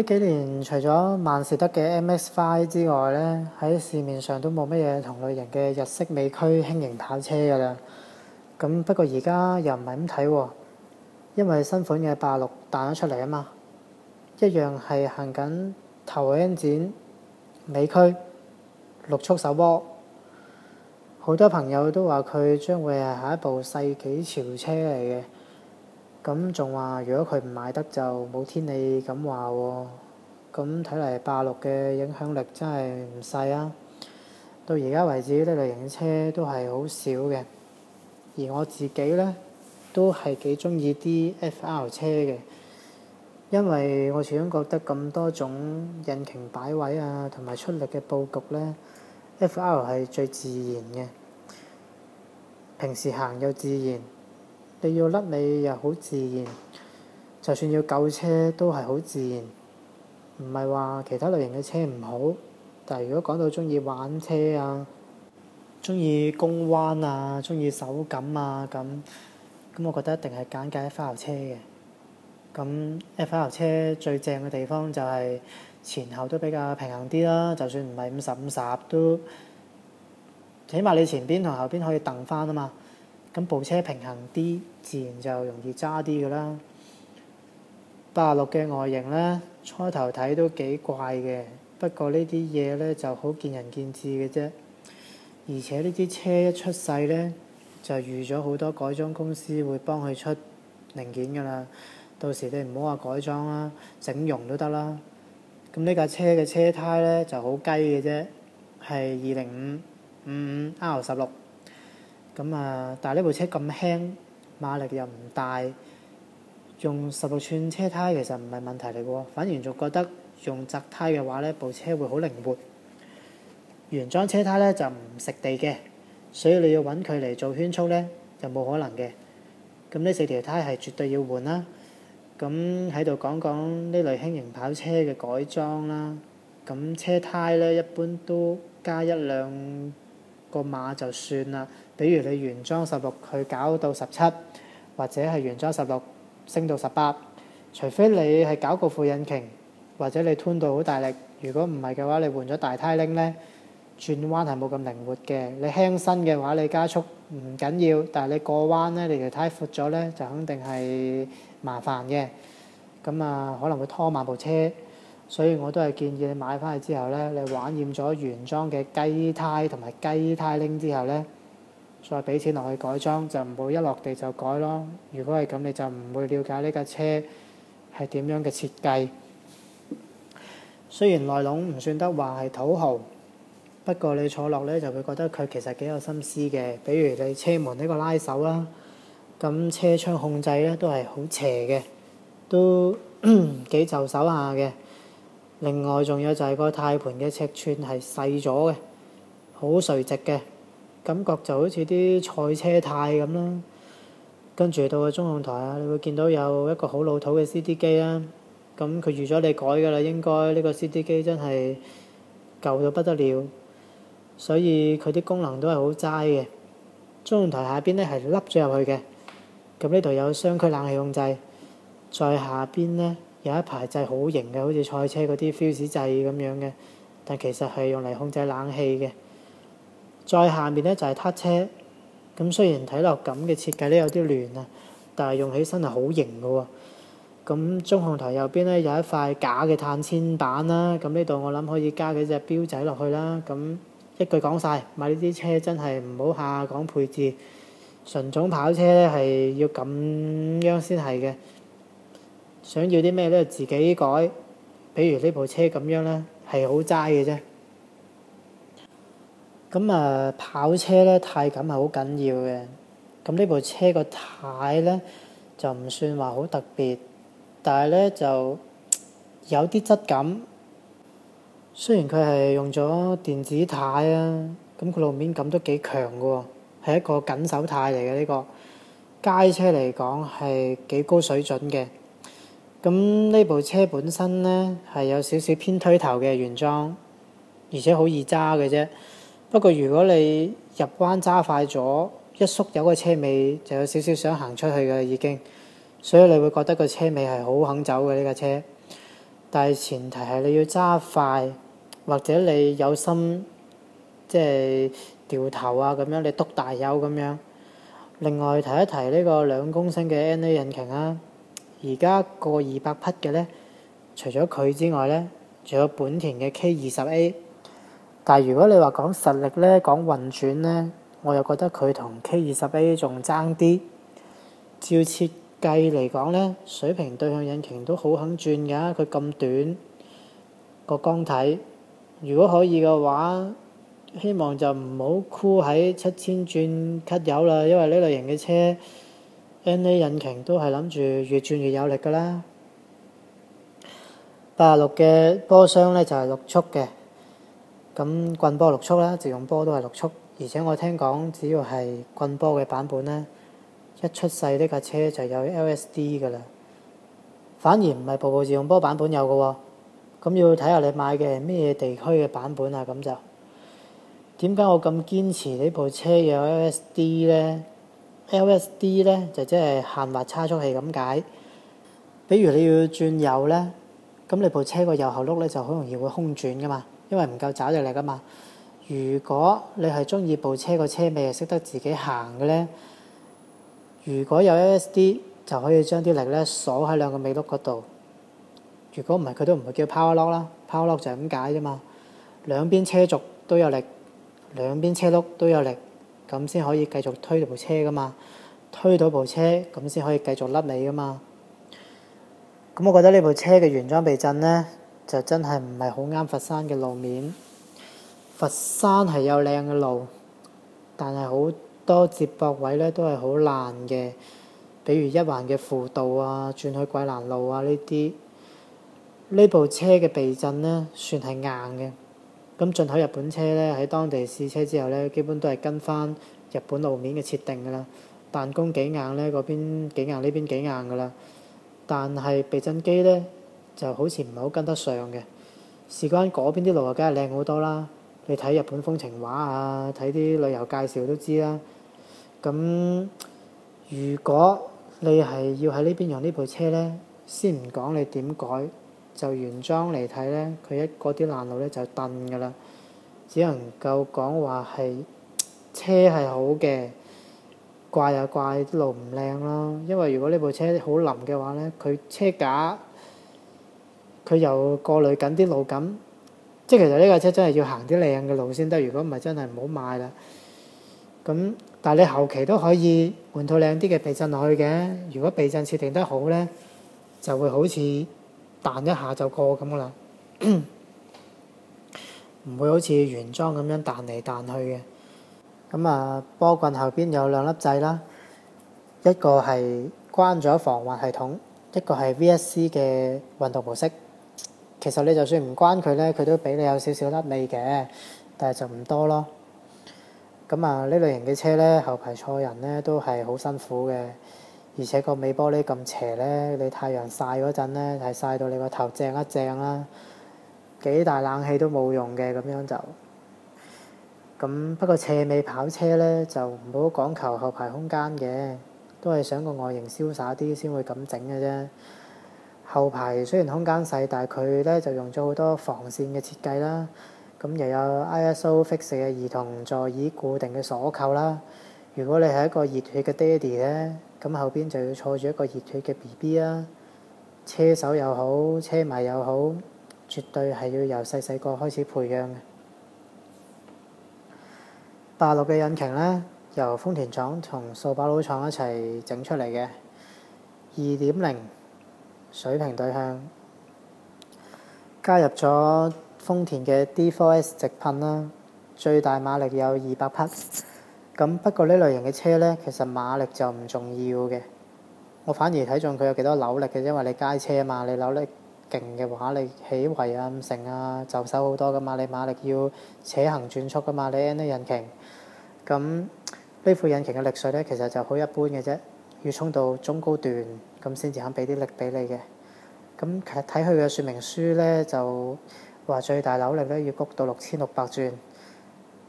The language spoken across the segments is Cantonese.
呢幾年除咗萬事得嘅 MX5 之外呢，喺市面上都冇乜嘢同類型嘅日式尾驅輕型跑車嘅啦。咁不過而家又唔係咁睇喎，因為新款嘅八六彈咗出嚟啊嘛，一樣係行緊頭引擎尾驅六速手波。好多朋友都話佢將會係下一部世紀潮車嚟嘅。咁仲話，如果佢唔買得就冇天理咁話喎，咁睇嚟八六嘅影響力真係唔細啊！到而家為止呢類型嘅車都係好少嘅，而我自己咧都係幾中意啲 FR 車嘅，因為我始終覺得咁多種引擎擺位啊，同埋出力嘅佈局咧，FR 係最自然嘅，平時行又自然。你要甩尾又好自然，就算要救車都係好自然，唔係話其他類型嘅車唔好，但係如果講到中意玩車啊，中意攻彎啊，中意手感啊咁，咁我覺得一定係揀架 FR 車嘅。咁，FR 車最正嘅地方就係前後都比較平衡啲啦，就算唔係五十五十都，起碼你前邊同後邊可以蹬翻啊嘛。咁部車平衡啲，自然就容易揸啲噶啦。八六嘅外形咧，初頭睇都幾怪嘅。不過呢啲嘢咧就好見仁見智嘅啫。而且呢啲車一出世咧，就預咗好多改裝公司會幫佢出零件噶啦。到時你唔好話改裝啦，整容都得啦。咁呢架車嘅車胎咧就好雞嘅啫，係二零五五五 R 十六。咁啊！但係呢部車咁輕，馬力又唔大，用十六寸車胎其實唔係問題嚟嘅喎。反而仲覺得用窄胎嘅話，呢部車會好靈活。原裝車胎呢就唔食地嘅，所以你要揾佢嚟做圈速呢，就冇可能嘅。咁呢四條胎係絕對要換啦。咁喺度講講呢類輕型跑車嘅改裝啦。咁車胎呢，一般都加一兩個碼就算啦。比如你原裝十六，去搞到十七，或者係原裝十六升到十八，除非你係搞個副引擎，或者你吞到好大力。如果唔係嘅話，你換咗大胎鈴咧，轉彎係冇咁靈活嘅。你輕身嘅話，你加速唔緊要，但係你過彎咧，你條胎闊咗咧，就肯定係麻煩嘅。咁啊，可能會拖慢部車。所以我都係建議你買翻去之後咧，你玩厭咗原裝嘅雞胎同埋雞胎鈴之後咧。再俾錢落去改裝，就唔會一落地就改咯。如果係咁，你就唔會了解呢架車係點樣嘅設計。雖然內籠唔算得話係土豪，不過你坐落呢，就會覺得佢其實幾有心思嘅。比如你車門呢個拉手啦，咁車窗控制呢都係好斜嘅，都幾 就手下嘅。另外仲有就係個軚盤嘅尺寸係細咗嘅，好垂直嘅。感覺就好似啲賽車呔咁啦，跟住到個中控台啊，你會見到有一個好老土嘅 C D 機啦。咁、嗯、佢預咗你改㗎啦，應該呢、呢個 C D 機真係舊到不得了，所以佢啲功能都係好齋嘅。中控台下邊呢係凹咗入去嘅，咁呢度有雙區冷氣控制。再下邊呢有一排掣好型嘅，好似賽車嗰啲 fuse 掣咁樣嘅，但其實係用嚟控制冷氣嘅。再下面咧就係撻車，咁雖然睇落咁嘅設計咧有啲亂啊，但係用起身係好型嘅喎。咁中控台右邊咧有一塊假嘅碳纖板啦，咁呢度我諗可以加幾隻標仔落去啦。咁一句講晒，買呢啲車真係唔好下下講配置，純種跑車咧係要咁樣先係嘅。想要啲咩咧自己改，比如呢部車咁樣咧係好齋嘅啫。咁啊，跑車咧，軚感係好緊要嘅。咁呢部車個軚咧就唔算話好特別，但係咧就有啲質感。雖然佢係用咗電子軚啊，咁佢路面感都幾強嘅喎，係一個緊手軚嚟嘅。呢個街車嚟講係幾高水準嘅。咁呢部車本身咧係有少少偏推頭嘅原裝，而且好易揸嘅啫。不過如果你入彎揸快咗，一縮油個車尾就有少少想行出去嘅已經，所以你會覺得個車尾係好肯走嘅呢架車。但係前提係你要揸快，或者你有心即係掉頭啊咁樣，你督大油咁樣。另外提一提呢個兩公升嘅 NA 引擎啊，而家過二百匹嘅咧，除咗佢之外咧，仲有本田嘅 K 二十 A。但係如果你話講實力咧，講運轉咧，我又覺得佢同 K20A 仲爭啲。照設計嚟講咧，水平對向引擎都好肯轉㗎，佢咁短個缸體，如果可以嘅話，希望就唔好箍喺七千轉 cut 油啦，因為呢類型嘅車，N.A. 引擎都係諗住越轉越有力㗎啦。八六嘅波箱咧就係六速嘅。咁棍波六速啦，自動波都係六速。而且我聽講，只要係棍波嘅版本咧，一出世呢架車就有 L S D 噶啦。反而唔係部部自動波版本有㗎喎。咁要睇下你買嘅咩地區嘅版本啊。咁就點解我咁堅持呢部車有 L S D 咧？L S D 咧就即係限滑差速器咁解。比如你要轉右咧，咁你部車個右後轆咧就好容易會空轉噶嘛。因為唔夠抓力噶嘛。如果你係中意部車個車尾係識得自己行嘅咧，如果有 LSD 就可以將啲力咧鎖喺兩個尾轆嗰度。如果唔係，佢都唔會叫 Power Lock 啦。Power Lock 就係咁解啫嘛。兩邊車軸都有力，兩邊車轆都有力，咁先可以繼續推到部車噶嘛。推到部車，咁先可以繼續甩尾噶嘛。咁我覺得呢部車嘅原裝避震咧。就真係唔係好啱佛山嘅路面。佛山係有靚嘅路，但係好多接駁位呢都係好爛嘅。比如一環嘅輔道啊，轉去桂蘭路啊呢啲。呢部車嘅避震呢算係硬嘅。咁進口日本車呢，喺當地試車之後呢，基本都係跟翻日本路面嘅設定噶啦。彈弓幾硬呢？嗰邊幾硬？呢邊幾硬噶啦？但係避震機呢。就好似唔係好跟得上嘅。事關嗰邊啲路啊，梗係靚好多啦。你睇日本風情畫啊，睇啲旅遊介紹都知啦。咁如果你係要喺呢邊用呢部車呢，先唔講你點改，就原裝嚟睇呢。佢一嗰啲爛路呢，就燉㗎啦。只能夠講話係車係好嘅，怪就怪啲路唔靚啦。因為如果呢部車好腍嘅話呢，佢車架。佢又過濾緊啲路感，即係其實呢架車真係要行啲靚嘅路先得，如果唔係真係唔好買啦。咁但係你後期都可以換套靚啲嘅避震落去嘅，如果避震設定得好呢，就會好似彈一下就過咁噶啦，唔 會好似原裝咁樣彈嚟彈去嘅。咁啊，波棍後邊有兩粒掣啦，一個係關咗防滑系統，一個係 VSC 嘅運動模式。其實你就算唔關佢呢，佢都俾你有少少甩尾嘅，但係就唔多咯。咁啊，呢類型嘅車呢，後排坐人呢都係好辛苦嘅，而且個尾玻璃咁斜呢，你太陽曬嗰陣咧係曬到你個頭正一正啦，啊，幾大冷氣都冇用嘅咁樣就。咁不過斜尾跑車呢，就唔好講求後排空間嘅，都係想個外形瀟灑啲先會咁整嘅啫。後排雖然空間細，但係佢咧就用咗好多防線嘅設計啦。咁又有 I S O fix 嘅兒童座椅固定嘅鎖扣啦。如果你係一個熱血嘅爹哋咧，咁後邊就要坐住一個熱血嘅 B B 啦。車手又好，車迷又好，絕對係要由細細個開始培養嘅。八六嘅引擎咧，由豐田廠同掃把佬廠一齊整出嚟嘅二點零。水平對向，加入咗豐田嘅 D4S 直噴啦，最大馬力有二百匹。咁不過呢類型嘅車呢，其實馬力就唔重要嘅。我反而睇中佢有幾多扭力嘅，因為你街車啊嘛，你扭力勁嘅話，你起圍啊、成啊就手好多㗎嘛。你馬力要扯行轉速㗎嘛，你 NA 引擎。咁呢副引擎嘅力水呢，其實就好一般嘅啫。要衝到中高段咁先至肯俾啲力俾你嘅。咁其實睇佢嘅說明書呢，就話最大扭力呢要谷到六千六百轉。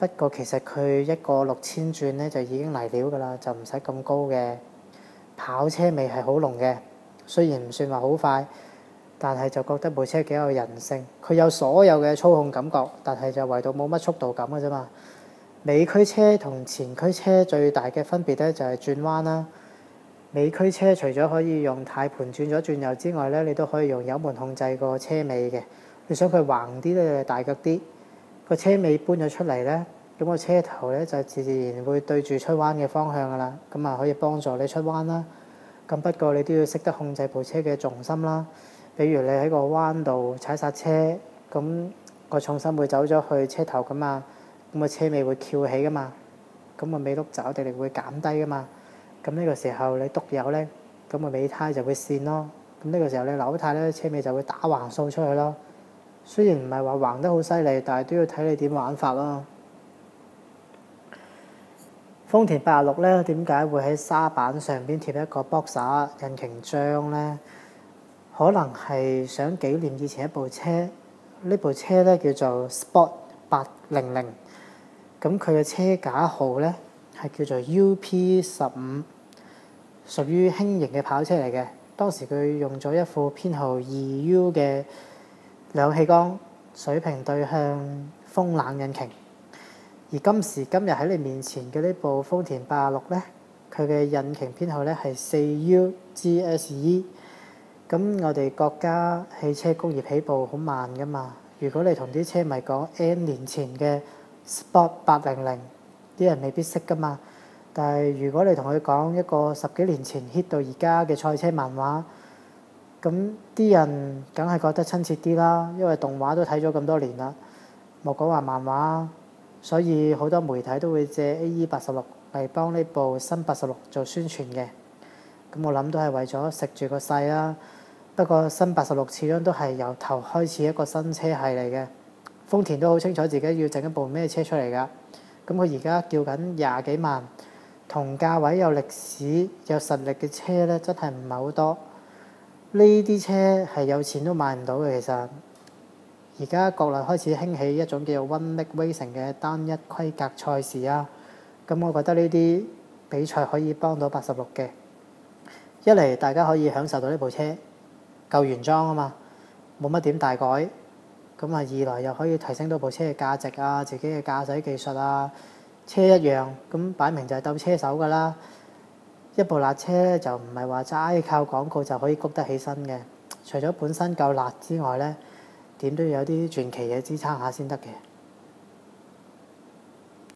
不過其實佢一個六千轉呢就已經嚟料㗎啦，就唔使咁高嘅。跑車味係好濃嘅，雖然唔算話好快，但係就覺得部車幾有人性。佢有所有嘅操控感覺，但係就唯獨冇乜速度感嘅啫嘛。尾驅車同前驅車最大嘅分別呢，就係轉彎啦。尾驅車除咗可以用軚盤轉左轉右之外咧，你都可以用油門控制個車尾嘅。你想佢橫啲咧，大腳啲，個車尾搬咗出嚟咧，咁個車頭咧就自然會對住出彎嘅方向噶啦。咁啊，可以幫助你出彎啦。咁不過你都要識得控制部車嘅重心啦。比如你喺個彎度踩煞車，咁個重心會走咗去車頭噶嘛，咁個車尾會翹起噶嘛，咁個尾碌抓地力會減低噶嘛。咁呢個時候你篤油呢，咁個尾胎就會跣咯。咁、這、呢個時候你扭軚呢，車尾就會打橫掃出去咯。雖然唔係話橫得好犀利，但係都要睇你點玩法咯。豐田八十六呢，點解會喺沙板上邊貼一個 Boxer 引擎章呢？可能係想紀念以前一部車。呢部車呢，叫做 Sport 八零零。咁佢嘅車架號呢？係叫做 U.P. 十五，屬於輕型嘅跑車嚟嘅。當時佢用咗一副編號二 U 嘅兩氣缸水平對向風冷引擎。而今時今日喺你面前嘅呢部豐田八六咧，佢嘅引擎編號咧係四 U G S E。咁我哋國家汽車工業起步好慢㗎嘛。如果你同啲車迷講 N 年前嘅 Sport 八零零。啲人未必識㗎嘛，但係如果你同佢講一個十幾年前 hit 到而家嘅賽車漫畫，咁啲人梗係覺得親切啲啦，因為動畫都睇咗咁多年啦，莫講話漫畫。所以好多媒體都會借 AE 八十六嚟幫呢部新八十六做宣傳嘅。咁我諗都係為咗食住個勢啦。不過新八十六始終都係由頭開始一個新車系列嘅。豐田都好清楚自己要整一部咩車出嚟㗎。咁我而家叫緊廿幾萬，同價位有歷史有實力嘅車咧，真係唔係好多。呢啲車係有錢都買唔到嘅。其實而家國內開始興起一種叫做 One Make Racing 嘅單一規格賽事啊。咁我覺得呢啲比賽可以幫到八十六嘅。一嚟大家可以享受到呢部車夠原裝啊嘛，冇乜點大改。咁啊，二來又可以提升到部車嘅價值啊，自己嘅駕駛技術啊，車一樣，咁擺明就係鬥車手㗎啦。一部辣車咧，就唔係話齋靠廣告就可以谷得起身嘅，除咗本身夠辣之外咧，點都要有啲傳奇嘅支撐下先得嘅。